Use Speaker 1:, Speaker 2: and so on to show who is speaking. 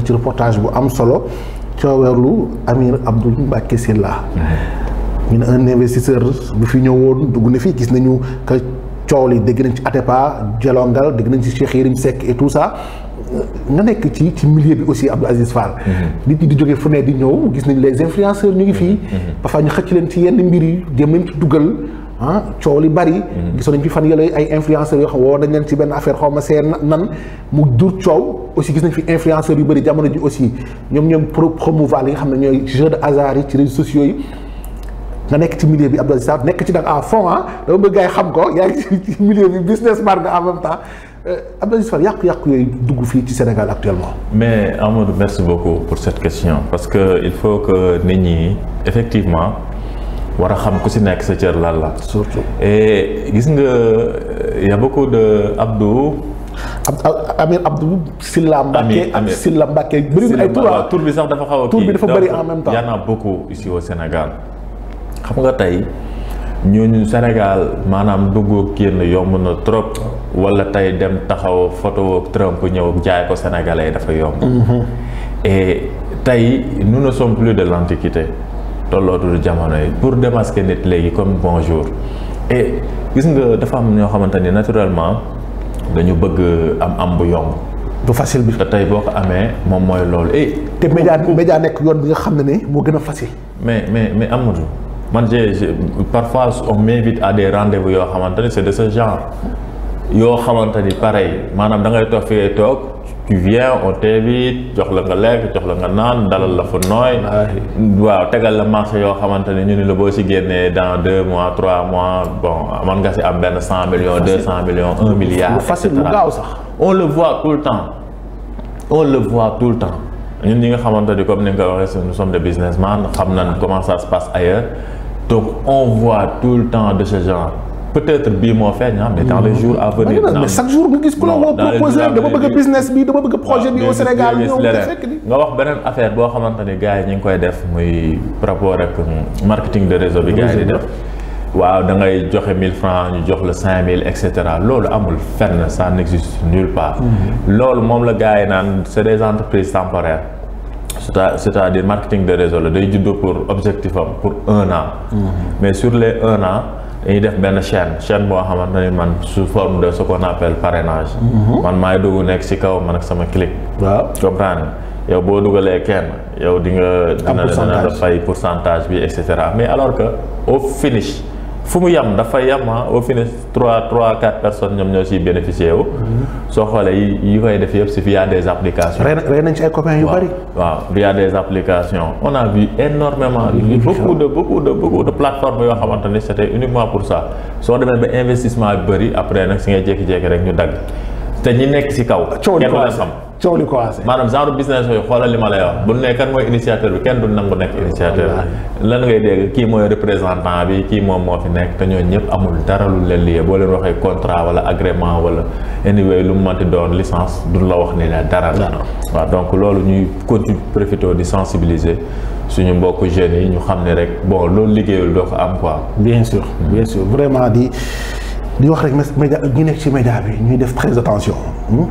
Speaker 1: na ci reportage bu am solo cooweerlu Amir Abdoul Mbacké Sylla mhm. ñu ne un investisseur bu fi ñëwoon dugg na fi gis nañu que coow li dégg nañ ci Atepa Jalongal dégg nañ ci Cheikh Yérim Seck et tout ça nga nekk ci ci milieu bi aussi Abdou Aziz Fall. Mhm. nit ñi di jóge fu di ñëw gis nañ les influenceurs ñu ngi fii. Mhm. parfois ñu xëcc leen ci yenn mbir yi jéem leen ci dugal. ah coow li bari. Mhm. gisoon nañ fi fan yële ay influenceurs yoo xam woo dañ leen ci benn affaire xaw ma nan mu jur coow aussi gis nañ fi influenceurs yu bëri jamono ji aussi ñoom ñoom pro promouvoir li nga xam ne ñooy jeu de hasard yi ci réseaux sociaux yi. nga nekk ci millier bi Abdou Aziz Sarr nekk ci nag à fond ah dama bëgg yi xam ko yaa ngi ci milieu bi business man nga en même temps euh, yàqu-yàqu yooyu dugg fii ci Sénégal actuellement.
Speaker 2: mais Amadou merci beaucoup pour cette question parce que il faut que nit ñi effectivement. war a xam ku si nekk sa cër lan la. surtout et eh, gis nga eh, y a beaucoup de Abdou. Amir Abdou Silla Mbacké ak Silla Mbacké bëri na ay tur tur bi sax dafa xaw a kii bi dafa bëri en a beaucoup ici au Sénégal xam nga tey ñooñu Sénégal maanaam dugg génn yomb na trop wala tey dem taxaw photo Trump ñëw jaay ko sénégalais dafa yomb mhm. et eh, tey nous ne sommes plus de l'antiquité tollootul jamono yi pour démasquer nit léegi comme bonjour et gis nga dafa am ñoo xamante ni naturellement dañu bëgg am am bu yomb. bu facile bi te tey boo ko amee moom mooy loolu. et
Speaker 1: te média média nekk yoon bi nga xam ne ne moo gën a facile.
Speaker 2: mais mais mais Amadou man j'ai parfois on m'invite à des rendez-vous yoo xamante ni c'est de ce genre yoo xamante ni pareil maanaam da ngay toog fi ngay toog. tu viens on t'invite jox la nga lekk jox la nga naan dalal la fu nooy waaw tegal la marché yoo xamante ne ñu ni la boo si génnee dans deux mois trois mois bon mën nga si am benn cent millions deux cent millions un milliard facile mu on le voit tout le temps on le voit tout le temps ñun ñi nga xamante ni comme ni nga ko waxee nous sommes des businessmen xam nañ comment ça se passe ailleurs donc on voit tout le temps de ce genre peut-être bii moo feeñ ah, mais dans les mm-hmm. jours à venir. mais chaque
Speaker 1: jour mu gis ku la woo proposé dama bëgg business bi dama bëgg projet bi au Sénégal ñëw nga fekk ni
Speaker 2: nga wax beneen affaire boo xamante ni gars yi ñu ngi koy def muy rapport ak marketing de réseau bi gars di def waaw da ngay joxe 1000 francs ñu jox la 5000 et cetera loolu amul fen sa n'existe nulle part. Mm-hmm. loolu moom la gars yi naan c'est des entreprises temporaires. c'est-à-dire marketing de réseau day juddoo pour objectif am pour un an. Mm-hmm. mais dañuy def benn chaîne chaîne boo xamante ne man sous forme de ce qu'on appelle parrainage. Mhm. man maay dugg nekk ci kaw man ak sama clique. waaw comprendre yow boo dugalee kenn yow di nga. dina dina dafay pourcentage bi et cetera mais alors que au finish. fu mu yam dafa yam ah, au final trois trois quatre personnes ñoom ñoo si bénéficié wu. Mhm. soo xoolee yi yi koy def yëpp si via des applications. rey nañ ci ay copains yu bari. waaw via des applications on a vu énormément beaucoup de beaucoup de beaucoup de plateformes yoo xamante ni c' était uniquement pour sa soo demee ba investissement bi bëri après nag si ngay jékki-jékki rek ñu dagg te ñi nekk si kaw. kenn du leen xam. coow li commencé. maanaam genre business yooyu xoolal li ma lay wax bu ne mooy initiateur bi kenn du nangu nekk initiateur lan ngay dégg kii mooy représentant bi kii moom moo fi nekk te ñooñu ñëpp amul dara lu leen liyee boo leen waxee contrat wala agrément wala anyway lu mu manti doon licence du la wax ni la dara la. waaw donc loolu ñuy continuer profité di sensibiliser suñu mbokk jeunes yi ñu xam ne rek boo loolu liggéeyul doo ko am quoi.
Speaker 1: bien sûr hmm. bien vraiment di di wax rek média ñu nekk ci média bi ñuy def très attention. Hmm.